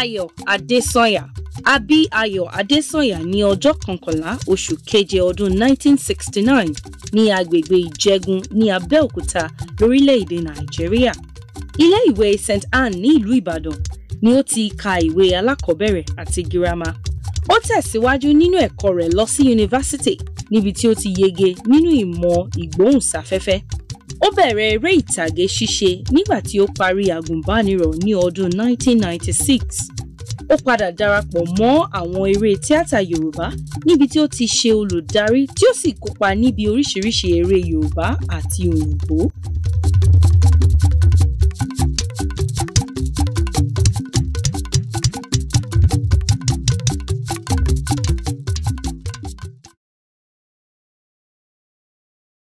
Ayọ̀ Adésànyà a bí Ayọ̀ Adésànyà ní ọjọ́ kọkànlá oṣù keje ọdún 1969 ní agbègbè Ìjẹ̀gùn ní Abẹ́òkúta lórílẹ̀‐èdè Nàìjíríà. Ilé ìwé St Anne ní ìlú Ìbàdàn ni ó ti ka ìwé alákọ̀ọ́bẹ̀rẹ̀ àti girama. Ó tẹ̀síwájú nínú ẹ̀kọ́ rẹ̀ lọ sí yunifásítì níbi tí ó ti yege nínú ìmọ̀ ìgbóhùnsáfẹ́fẹ́. Ó bẹ̀rẹ̀ eré ìtàgé ṣíṣe nígbà tí ó parí àgùnbánirọ̀ ní ọdún 1996. Ó padà darapọ̀ mọ́ àwọn eré tíátà Yorùbá níbi tí ó ti ṣe olùdarí tí ó sì kópa níbi oríṣiríṣi eré Yorùbá àti Òyìnbó.